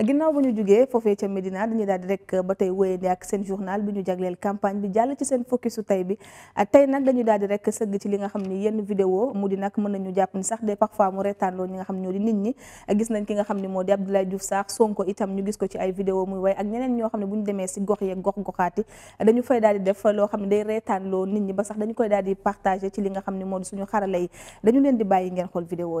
ginnaaw ba ñu jógee foofee ca Médina dañuy daal di rek uh, ba tey wéyandi ak seen journal bi ñu jagleel campagne bi jàll ci seen focus su tey bi uh, tey nag dañuy daal di rek sëgg ci li nga xam ni yenn vidéo mu di mën nañu jàpp sax des parfois mu reetaanloo ñi nga xam ñoo di nit ñi uh, gis nañ ki nga xam ni moo di Abdoulaye Diouf Sarr Sonko itam ñu gis ko ci ay vidéo muy way ak ñeneen ñoo xam ne bu ñu demee si gox yeeg gox goxaati dañu fay daal di def loo xam ne day reetaanloo nit ñi ba sax dañu koy daal di partagé ci li nga xam ni moo di ñu xarala yi dañu leen di bàyyi ngeen xool vidéo